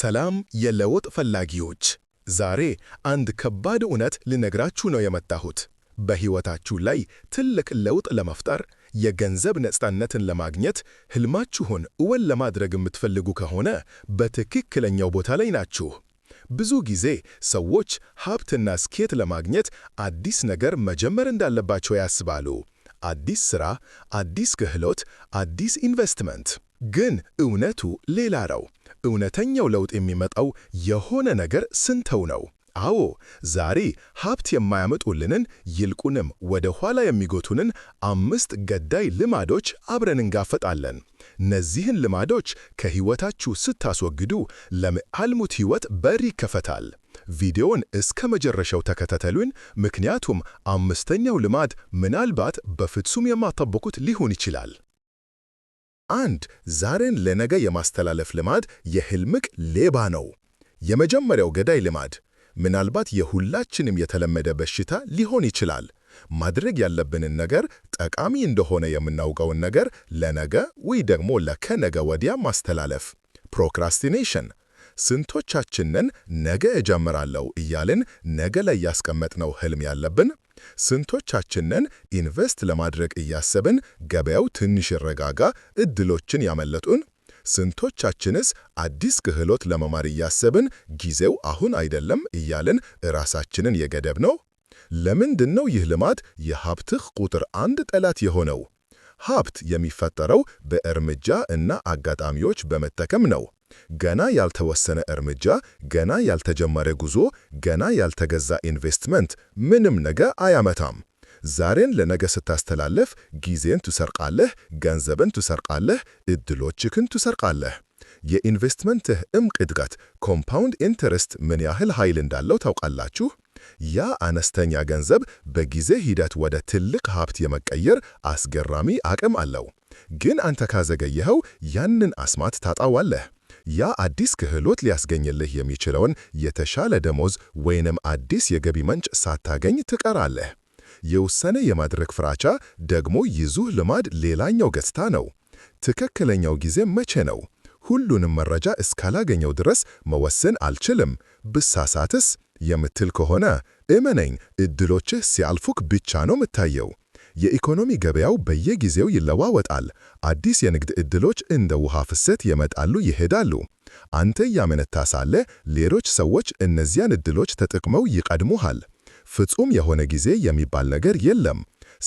ሰላም የለውጥ ፈላጊዎች፣ ዛሬ አንድ ከባድ እውነት ልነግራችሁ ነው የመጣሁት። በሕይወታችሁ ላይ ትልቅ ለውጥ ለመፍጠር፣ የገንዘብ ነፃነትን ለማግኘት፣ ሕልማችሁን እውን ለማድረግ የምትፈልጉ ከሆነ በትክክለኛው ቦታ ላይ ናችሁ። ብዙ ጊዜ ሰዎች ሀብትና ስኬት ለማግኘት አዲስ ነገር መጀመር እንዳለባቸው ያስባሉ። አዲስ ሥራ፣ አዲስ ክህሎት፣ አዲስ ኢንቨስትመንት። ግን እውነቱ ሌላ ነው። እውነተኛው ለውጥ የሚመጣው የሆነ ነገር ስንተው ነው። አዎ ዛሬ ሀብት የማያመጡልንን ይልቁንም ወደ ኋላ የሚጎቱንን አምስት ገዳይ ልማዶች አብረን እንጋፈጣለን። እነዚህን ልማዶች ከሕይወታችሁ ስታስወግዱ ለሚያልሙት ሕይወት በር ይከፈታል። ቪዲዮውን እስከ መጨረሻው ተከታተሉን፣ ምክንያቱም አምስተኛው ልማድ ምናልባት በፍጹም የማትጠብቁት ሊሆን ይችላል። አንድ ዛሬን ለነገ የማስተላለፍ ልማድ የህልምቅ ሌባ ነው። የመጀመሪያው ገዳይ ልማድ ምናልባት የሁላችንም የተለመደ በሽታ ሊሆን ይችላል። ማድረግ ያለብንን ነገር ጠቃሚ እንደሆነ የምናውቀውን ነገር ለነገ ወይ ደግሞ ለከነገ ወዲያ ማስተላለፍ ፕሮክራስቲኔሽን። ስንቶቻችንን ነገ እጀምራለሁ እያልን ነገ ላይ ያስቀመጥነው ህልም ያለብን ስንቶቻችንን ኢንቨስት ለማድረግ እያሰብን ገበያው ትንሽ ይረጋጋ እድሎችን ያመለጡን? ስንቶቻችንስ አዲስ ክህሎት ለመማር እያሰብን ጊዜው አሁን አይደለም እያልን ራሳችንን የገደብ ነው? ለምንድን ነው ይህ ልማት የሀብትህ ቁጥር አንድ ጠላት የሆነው? ሀብት የሚፈጠረው በእርምጃ እና አጋጣሚዎች በመጠቀም ነው። ገና ያልተወሰነ እርምጃ፣ ገና ያልተጀመረ ጉዞ፣ ገና ያልተገዛ ኢንቨስትመንት ምንም ነገ አያመታም። ዛሬን ለነገ ስታስተላለፍ ጊዜን ትሰርቃለህ፣ ገንዘብን ትሰርቃለህ፣ እድሎችህን ትሰርቃለህ። የኢንቨስትመንትህ እምቅ እድገት ኮምፓውንድ ኢንተረስት ምን ያህል ኃይል እንዳለው ታውቃላችሁ? ያ አነስተኛ ገንዘብ በጊዜ ሂደት ወደ ትልቅ ሀብት የመቀየር አስገራሚ አቅም አለው። ግን አንተ ካዘገየኸው ያንን አስማት ታጣዋለህ። ያ አዲስ ክህሎት ሊያስገኝልህ የሚችለውን የተሻለ ደሞዝ ወይንም አዲስ የገቢ ምንጭ ሳታገኝ ትቀራለህ። የውሳኔ የማድረግ ፍራቻ ደግሞ ይዙህ ልማድ ሌላኛው ገጽታ ነው። ትክክለኛው ጊዜ መቼ ነው? ሁሉንም መረጃ እስካላገኘው ድረስ መወሰን አልችልም፣ ብሳሳትስ የምትል ከሆነ እመነኝ፣ እድሎችህ ሲያልፉክ ብቻ ነው የምታየው። የኢኮኖሚ ገበያው በየጊዜው ይለዋወጣል። አዲስ የንግድ ዕድሎች እንደ ውሃ ፍሰት ይመጣሉ ይሄዳሉ። አንተ እያመነታ ሳለ ሌሎች ሰዎች እነዚያን ዕድሎች ተጠቅመው ይቀድሙሃል። ፍጹም የሆነ ጊዜ የሚባል ነገር የለም።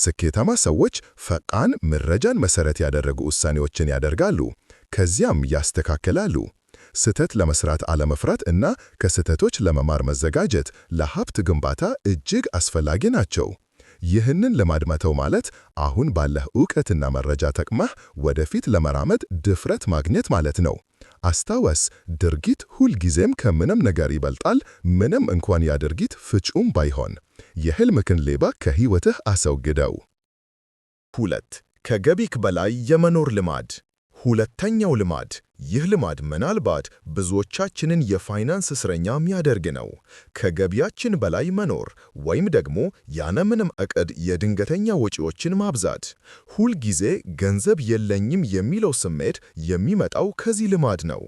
ስኬታማ ሰዎች ፈጣን መረጃን መሰረት ያደረጉ ውሳኔዎችን ያደርጋሉ፣ ከዚያም ያስተካክላሉ። ስህተት ለመስራት አለመፍራት እና ከስህተቶች ለመማር መዘጋጀት ለሀብት ግንባታ እጅግ አስፈላጊ ናቸው። ይህንን ለማድመተው ማለት አሁን ባለህ ዕውቀትና መረጃ ተቅማህ ወደፊት ለመራመድ ድፍረት ማግኘት ማለት ነው። አስታወስ፣ ድርጊት ሁልጊዜም ከምንም ነገር ይበልጣል፣ ምንም እንኳን ያ ድርጊት ፍጹም ባይሆን። የህልምክን ሌባ ከሕይወትህ አስወግደው። ሁለት ከገቢክ በላይ የመኖር ልማድ። ሁለተኛው ልማድ ይህ ልማድ ምናልባት ብዙዎቻችንን የፋይናንስ እስረኛ የሚያደርግ ነው። ከገቢያችን በላይ መኖር ወይም ደግሞ ያለምንም እቅድ የድንገተኛ ወጪዎችን ማብዛት። ሁልጊዜ ገንዘብ የለኝም የሚለው ስሜት የሚመጣው ከዚህ ልማድ ነው።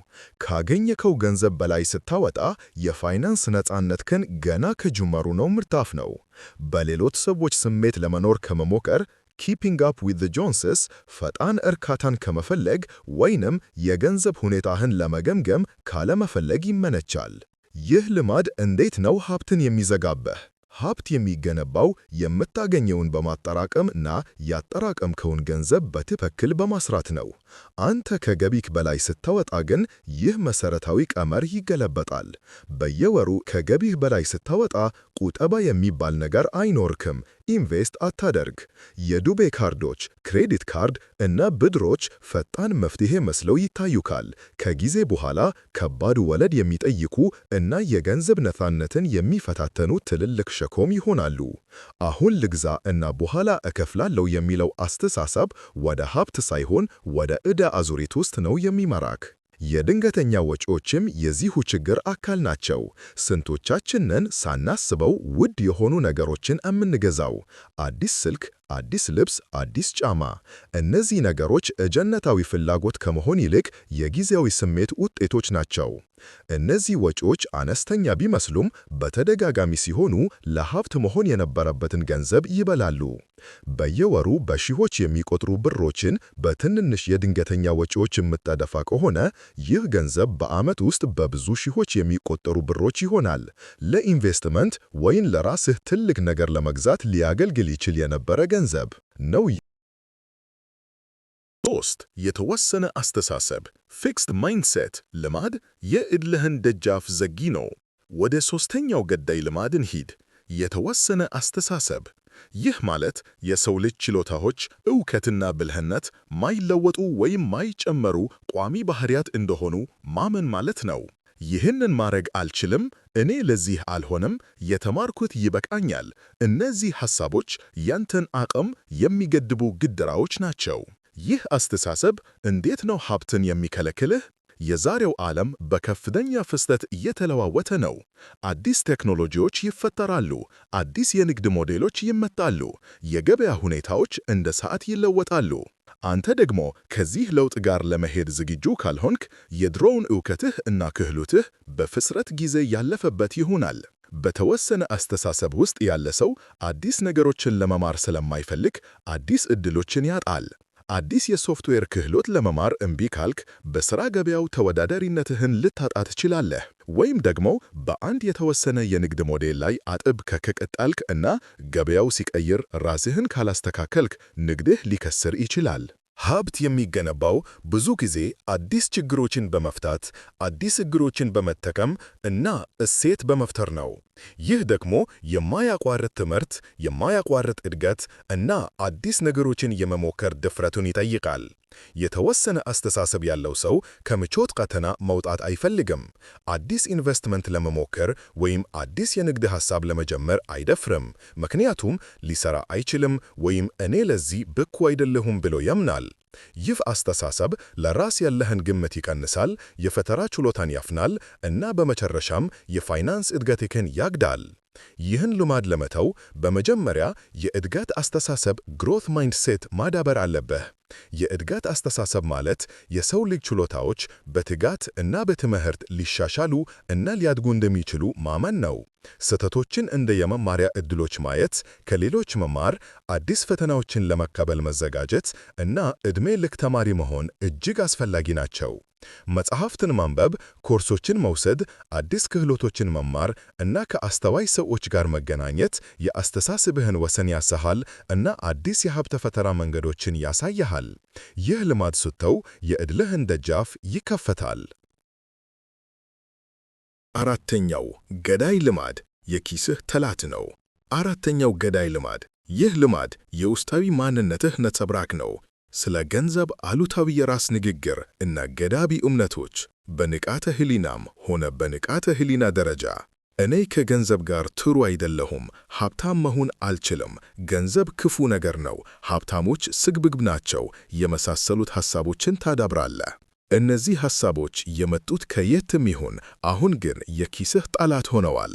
ካገኘከው ገንዘብ በላይ ስታወጣ የፋይናንስ ነፃነትህን ገና ከጅምሩ ነው ምርታፍ ነው። በሌሎች ሰዎች ስሜት ለመኖር ከመሞከር ኪፒንግ አፕ ዊዝ ዘ ጆንስስ ፈጣን እርካታን ከመፈለግ ወይንም የገንዘብ ሁኔታህን ለመገምገም ካለመፈለግ ይመነቻል። ይህ ልማድ እንዴት ነው ሀብትን የሚዘጋበህ? ሀብት የሚገነባው የምታገኘውን በማጠራቀም እና ያጠራቀምከውን ገንዘብ በትክክል በማስራት ነው። አንተ ከገቢክ በላይ ስታወጣ ግን ይህ መሰረታዊ ቀመር ይገለበጣል። በየወሩ ከገቢህ በላይ ስታወጣ ቁጠባ የሚባል ነገር አይኖርክም። ኢንቨስት አታደርግ። የዱቤ ካርዶች፣ ክሬዲት ካርድ እና ብድሮች ፈጣን መፍትሄ መስለው ይታዩካል። ከጊዜ በኋላ ከባድ ወለድ የሚጠይቁ እና የገንዘብ ነፃነትን የሚፈታተኑ ትልልቅ ሸኮም ይሆናሉ። አሁን ልግዛ እና በኋላ እከፍላለሁ የሚለው አስተሳሰብ ወደ ሀብት ሳይሆን ወደ ዕዳ አዙሪት ውስጥ ነው የሚመራክ። የድንገተኛ ወጪዎችም የዚሁ ችግር አካል ናቸው። ስንቶቻችንን ሳናስበው ውድ የሆኑ ነገሮችን የምንገዛው አዲስ ስልክ፣ አዲስ ልብስ፣ አዲስ ጫማ። እነዚህ ነገሮች እጀነታዊ ፍላጎት ከመሆን ይልቅ የጊዜያዊ ስሜት ውጤቶች ናቸው። እነዚህ ወጪዎች አነስተኛ ቢመስሉም በተደጋጋሚ ሲሆኑ ለሀብት መሆን የነበረበትን ገንዘብ ይበላሉ። በየወሩ በሺዎች የሚቆጥሩ ብሮችን በትንንሽ የድንገተኛ ወጪዎች የምታደፋ ከሆነ ይህ ገንዘብ በዓመት ውስጥ በብዙ ሺዎች የሚቆጠሩ ብሮች ይሆናል። ለኢንቨስትመንት ወይም ለራስህ ትልቅ ነገር ለመግዛት ሊያገልግል ይችል የነበረ ገንዘብ ነው። ሶስት የተወሰነ አስተሳሰብ ፊክስድ ማይንድሴት ልማድ የዕድልህን ደጃፍ ዘጊ ነው። ወደ ሶስተኛው ገዳይ ልማድን ሂድ፣ የተወሰነ አስተሳሰብ። ይህ ማለት የሰው ልጅ ችሎታዎች፣ እውከትና ብልህነት ማይለወጡ ወይም ማይጨመሩ ቋሚ ባህሪያት እንደሆኑ ማመን ማለት ነው። ይህንን ማድረግ አልችልም፣ እኔ ለዚህ አልሆንም፣ የተማርኩት ይበቃኛል። እነዚህ ሐሳቦች ያንተን አቅም የሚገድቡ ግድራዎች ናቸው። ይህ አስተሳሰብ እንዴት ነው ሀብትን የሚከለክልህ? የዛሬው ዓለም በከፍተኛ ፍጥነት እየተለዋወተ ነው። አዲስ ቴክኖሎጂዎች ይፈጠራሉ፣ አዲስ የንግድ ሞዴሎች ይመጣሉ፣ የገበያ ሁኔታዎች እንደ ሰዓት ይለወጣሉ። አንተ ደግሞ ከዚህ ለውጥ ጋር ለመሄድ ዝግጁ ካልሆንክ የድሮውን ዕውቀትህ እና ክህሎትህ በፍጥነት ጊዜ ያለፈበት ይሆናል። በተወሰነ አስተሳሰብ ውስጥ ያለ ሰው አዲስ ነገሮችን ለመማር ስለማይፈልግ አዲስ ዕድሎችን ያጣል። አዲስ የሶፍትዌር ክህሎት ለመማር እምቢ ካልክ በሥራ ገበያው ተወዳዳሪነትህን ልታጣ ትችላለህ። ወይም ደግሞ በአንድ የተወሰነ የንግድ ሞዴል ላይ አጥብ ከክቅጣልክ እና ገበያው ሲቀይር ራስህን ካላስተካከልክ ንግድህ ሊከስር ይችላል። ሀብት የሚገነባው ብዙ ጊዜ አዲስ ችግሮችን በመፍታት አዲስ እግሮችን በመጠቀም እና እሴት በመፍጠር ነው። ይህ ደግሞ የማያቋርጥ ትምህርት፣ የማያቋርጥ እድገት እና አዲስ ነገሮችን የመሞከር ድፍረቱን ይጠይቃል። የተወሰነ አስተሳሰብ ያለው ሰው ከምቾት ቀተና መውጣት አይፈልግም። አዲስ ኢንቨስትመንት ለመሞከር ወይም አዲስ የንግድ ሐሳብ ለመጀመር አይደፍርም። ምክንያቱም ሊሰራ አይችልም ወይም እኔ ለዚህ ብቁ አይደለሁም ብሎ ያምናል። ይህ አስተሳሰብ ለራስ ያለህን ግምት ይቀንሳል፣ የፈተራ ችሎታን ያፍናል እና በመጨረሻም የፋይናንስ እድገትህን ያግዳል። ይህን ልማድ ለመተው በመጀመሪያ የእድገት አስተሳሰብ ግሮት ማይንድሴት ማዳበር አለብህ። የእድጋት አስተሳሰብ ማለት የሰው ልጅ ችሎታዎች በትጋት እና በትምህርት ሊሻሻሉ እና ሊያድጉ እንደሚችሉ ማመን ነው። ስህተቶችን እንደ የመማሪያ ዕድሎች ማየት፣ ከሌሎች መማር፣ አዲስ ፈተናዎችን ለመቀበል መዘጋጀት እና ዕድሜ ልክ ተማሪ መሆን እጅግ አስፈላጊ ናቸው። መጽሐፍትን ማንበብ፣ ኮርሶችን መውሰድ፣ አዲስ ክህሎቶችን መማር እና ከአስተዋይ ሰዎች ጋር መገናኘት የአስተሳሰብህን ወሰን ያሰሃል እና አዲስ የሀብት ፈጠራ መንገዶችን ያሳያሃል። ይሰማል። ይህ ልማድ ስተው የዕድልህን ደጃፍ ይከፈታል። አራተኛው ገዳይ ልማድ የኪስህ ጠላት ነው። አራተኛው ገዳይ ልማድ ይህ ልማድ የውስጣዊ ማንነትህ ነጸብራቅ ነው። ስለ ገንዘብ አሉታዊ የራስ ንግግር እና ገዳቢ እምነቶች በንቃተ ህሊናም ሆነ በንቃተ ህሊና ደረጃ እኔ ከገንዘብ ጋር ትሩ አይደለሁም። ሀብታም መሆን አልችልም። ገንዘብ ክፉ ነገር ነው። ሀብታሞች ስግብግብ ናቸው የመሳሰሉት ሐሳቦችን ታዳብራለህ። እነዚህ ሐሳቦች የመጡት ከየትም ይሁን፣ አሁን ግን የኪስህ ጠላት ሆነዋል።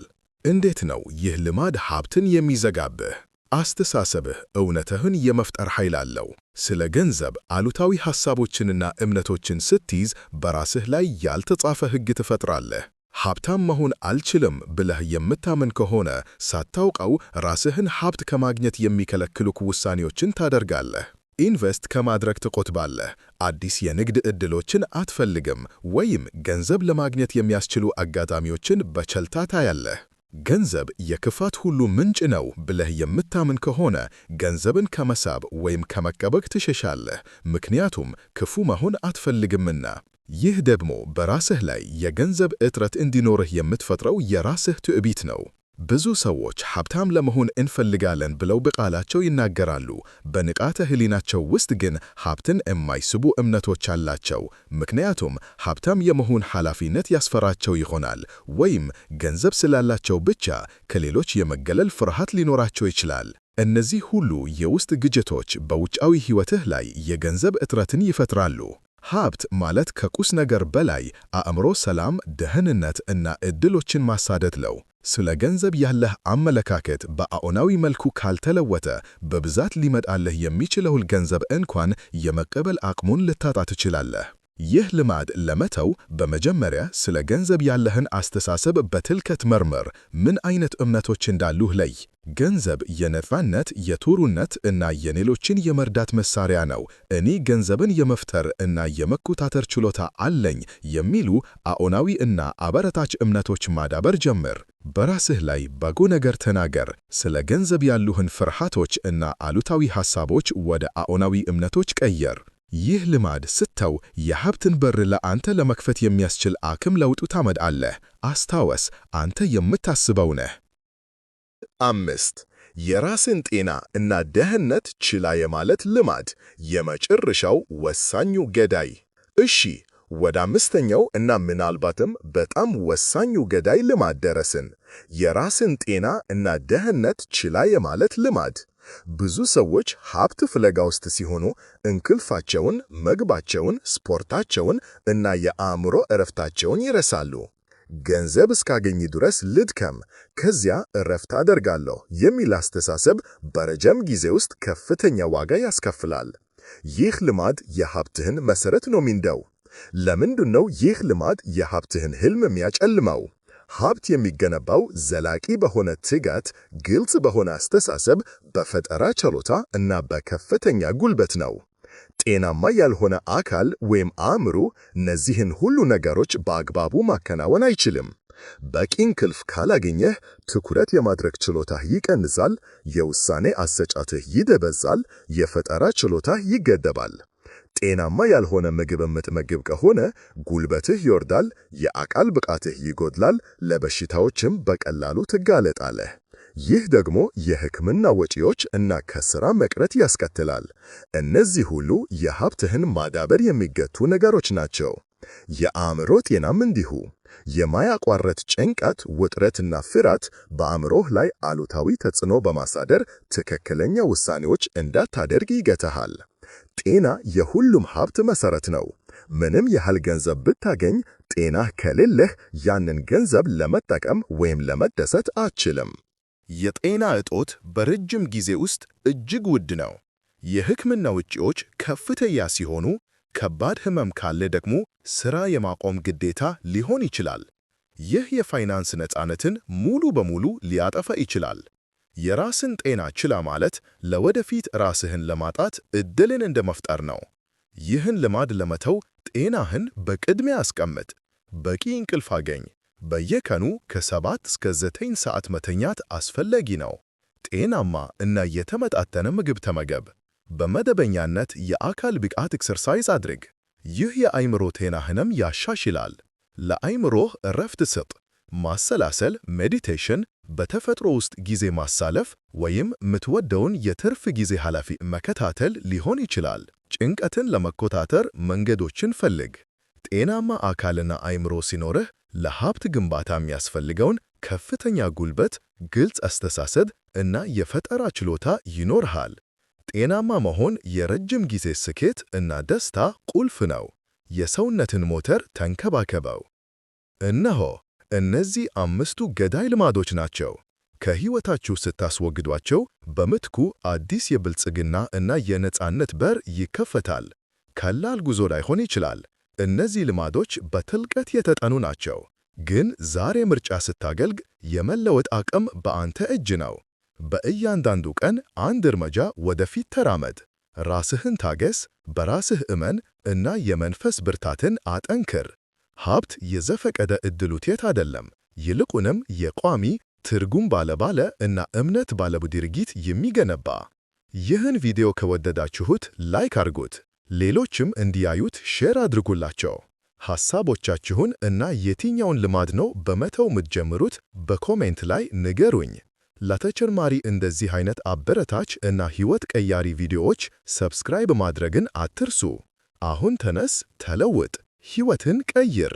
እንዴት ነው ይህ ልማድ ሀብትን የሚዘጋብህ? አስተሳሰብህ እውነትህን የመፍጠር ኃይል አለው። ስለ ገንዘብ አሉታዊ ሐሳቦችንና እምነቶችን ስትይዝ በራስህ ላይ ያልተጻፈ ሕግ ትፈጥራለህ። ሀብታም መሆን አልችልም ብለህ የምታምን ከሆነ ሳታውቀው ራስህን ሀብት ከማግኘት የሚከለክሉክ ውሳኔዎችን ታደርጋለህ። ኢንቨስት ከማድረግ ትቆጥባለህ፣ አዲስ የንግድ ዕድሎችን አትፈልግም፣ ወይም ገንዘብ ለማግኘት የሚያስችሉ አጋጣሚዎችን በቸልታ ታያለህ። ገንዘብ የክፋት ሁሉ ምንጭ ነው ብለህ የምታምን ከሆነ ገንዘብን ከመሳብ ወይም ከመቀበቅ ትሸሻለህ፣ ምክንያቱም ክፉ መሆን አትፈልግምና። ይህ ደግሞ በራስህ ላይ የገንዘብ እጥረት እንዲኖርህ የምትፈጥረው የራስህ ትዕቢት ነው። ብዙ ሰዎች ሀብታም ለመሆን እንፈልጋለን ብለው በቃላቸው ይናገራሉ። በንቃተ ህሊናቸው ውስጥ ግን ሀብትን የማይስቡ እምነቶች አላቸው። ምክንያቱም ሀብታም የመሆን ኃላፊነት ያስፈራቸው ይሆናል፣ ወይም ገንዘብ ስላላቸው ብቻ ከሌሎች የመገለል ፍርሃት ሊኖራቸው ይችላል። እነዚህ ሁሉ የውስጥ ግጭቶች በውጫዊ ሕይወትህ ላይ የገንዘብ እጥረትን ይፈጥራሉ። ሀብት ማለት ከቁስ ነገር በላይ አእምሮ ሰላም፣ ደህንነት እና እድሎችን ማሳደት ነው። ስለ ገንዘብ ያለህ አመለካከት በአዎንታዊ መልኩ ካልተለወጠ በብዛት ሊመጣልህ የሚችለውን ገንዘብ እንኳን የመቀበል አቅሙን ልታጣ ትችላለህ። ይህ ልማድ ለመተው በመጀመሪያ ስለ ገንዘብ ያለህን አስተሳሰብ በትልከት መርምር። ምን አይነት እምነቶች እንዳሉህ ለይ። ገንዘብ የነፃነት፣ የቱሩነት እና የሌሎችን የመርዳት መሳሪያ ነው። እኔ ገንዘብን የመፍጠር እና የመቆጣጠር ችሎታ አለኝ የሚሉ አዎንታዊ እና አበረታች እምነቶች ማዳበር ጀምር። በራስህ ላይ በጎ ነገር ተናገር። ስለ ገንዘብ ያሉህን ፍርሃቶች እና አሉታዊ ሐሳቦች ወደ አዎንታዊ እምነቶች ቀየር። ይህ ልማድ ስተው የሀብትን በር ለአንተ ለመክፈት የሚያስችል አክም ለውጡ ታመጣለህ። አስታወስ፣ አንተ የምታስበው ነህ። አምስት የራስን ጤና እና ደህንነት ችላ የማለት ልማድ የመጨረሻው ወሳኙ ገዳይ። እሺ፣ ወደ አምስተኛው እና ምናልባትም በጣም ወሳኙ ገዳይ ልማድ ደረስን፣ የራስን ጤና እና ደህንነት ችላ የማለት ልማድ። ብዙ ሰዎች ሀብት ፍለጋ ውስጥ ሲሆኑ እንቅልፋቸውን፣ ምግባቸውን፣ ስፖርታቸውን እና የአእምሮ እረፍታቸውን ይረሳሉ። ገንዘብ እስካገኝ ድረስ ልድከም፣ ከዚያ እረፍት አደርጋለሁ የሚል አስተሳሰብ በረጅም ጊዜ ውስጥ ከፍተኛ ዋጋ ያስከፍላል። ይህ ልማድ የሀብትህን መሰረት ነው የሚንደው። ለምንድን ነው ይህ ልማድ የሀብትህን ህልም የሚያጨልመው? ሀብት የሚገነባው ዘላቂ በሆነ ትጋት፣ ግልጽ በሆነ አስተሳሰብ፣ በፈጠራ ችሎታ እና በከፍተኛ ጉልበት ነው። ጤናማ ያልሆነ አካል ወይም አእምሮ እነዚህን ሁሉ ነገሮች በአግባቡ ማከናወን አይችልም። በቂ እንቅልፍ ካላገኘህ ትኩረት የማድረግ ችሎታህ ይቀንሳል፣ የውሳኔ አሰጫትህ ይደበዛል፣ የፈጠራ ችሎታህ ይገደባል። ጤናማ ያልሆነ ምግብ የምትመግብ ከሆነ ጉልበትህ ይወርዳል፣ የአካል ብቃትህ ይጎድላል፣ ለበሽታዎችም በቀላሉ ትጋለጣለህ። ይህ ደግሞ የሕክምና ወጪዎች እና ከስራ መቅረት ያስከትላል። እነዚህ ሁሉ የሀብትህን ማዳበር የሚገቱ ነገሮች ናቸው። የአእምሮ ጤናም እንዲሁ። የማያቋረት ጭንቀት፣ ውጥረትና ፍርሃት በአእምሮህ ላይ አሉታዊ ተጽዕኖ በማሳደር ትክክለኛ ውሳኔዎች እንዳታደርግ ይገትሃል። ጤና የሁሉም ሀብት መሰረት ነው። ምንም ያህል ገንዘብ ብታገኝ ጤናህ ከሌለህ ያንን ገንዘብ ለመጠቀም ወይም ለመደሰት አትችልም። የጤና እጦት በረጅም ጊዜ ውስጥ እጅግ ውድ ነው። የሕክምና ውጪዎች ከፍተኛ ሲሆኑ፣ ከባድ ህመም ካለ ደግሞ ሥራ የማቆም ግዴታ ሊሆን ይችላል። ይህ የፋይናንስ ነፃነትን ሙሉ በሙሉ ሊያጠፋ ይችላል። የራስን ጤና ችላ ማለት ለወደፊት ራስህን ለማጣት እድልን እንደ መፍጠር ነው። ይህን ልማድ ለመተው ጤናህን በቅድሚያ አስቀምጥ። በቂ እንቅልፍ አገኝ። በየቀኑ ከሰባት እስከ ዘጠኝ ሰዓት መተኛት አስፈላጊ ነው። ጤናማ እና የተመጣጠነ ምግብ ተመገብ። በመደበኛነት የአካል ብቃት ኤክሰርሳይዝ አድርግ። ይህ የአእምሮ ጤናህንም ያሻሽላል። ለአእምሮህ እረፍት ስጥ። ማሰላሰል ሜዲቴሽን፣ በተፈጥሮ ውስጥ ጊዜ ማሳለፍ ወይም የምትወደውን የትርፍ ጊዜ ኃላፊ መከታተል ሊሆን ይችላል። ጭንቀትን ለመቆጣጠር መንገዶችን ፈልግ። ጤናማ አካልና አእምሮ ሲኖርህ ለሀብት ግንባታ የሚያስፈልገውን ከፍተኛ ጉልበት፣ ግልጽ አስተሳሰብ እና የፈጠራ ችሎታ ይኖርሃል። ጤናማ መሆን የረጅም ጊዜ ስኬት እና ደስታ ቁልፍ ነው። የሰውነትን ሞተር ተንከባከበው። እነሆ እነዚህ አምስቱ ገዳይ ልማዶች ናቸው። ከሕይወታችሁ ስታስወግዷቸው በምትኩ አዲስ የብልጽግና እና የነፃነት በር ይከፈታል። ቀላል ጉዞ ላይሆን ይችላል። እነዚህ ልማዶች በጥልቀት የተጠኑ ናቸው። ግን ዛሬ ምርጫ ስታገልግ የመለወጥ አቅም በአንተ እጅ ነው። በእያንዳንዱ ቀን አንድ እርምጃ ወደፊት ተራመድ። ራስህን ታገስ፣ በራስህ እመን እና የመንፈስ ብርታትን አጠንክር። ሀብት የዘፈቀደ ዕድል ውጤት አይደለም። ይልቁንም የቋሚ ትርጉም ባለባለ እና እምነት ባለው ድርጊት የሚገነባ። ይህን ቪዲዮ ከወደዳችሁት ላይክ አድርጉት፣ ሌሎችም እንዲያዩት ሼር አድርጉላቸው። ሐሳቦቻችሁን እና የትኛውን ልማድ ነው በመተው የምትጀምሩት በኮሜንት ላይ ንገሩኝ። ለተጨማሪ እንደዚህ አይነት አበረታች እና ሕይወት ቀያሪ ቪዲዮዎች ሰብስክራይብ ማድረግን አትርሱ። አሁን ተነስ ተለውጥ! ሕይወትን ቀይር!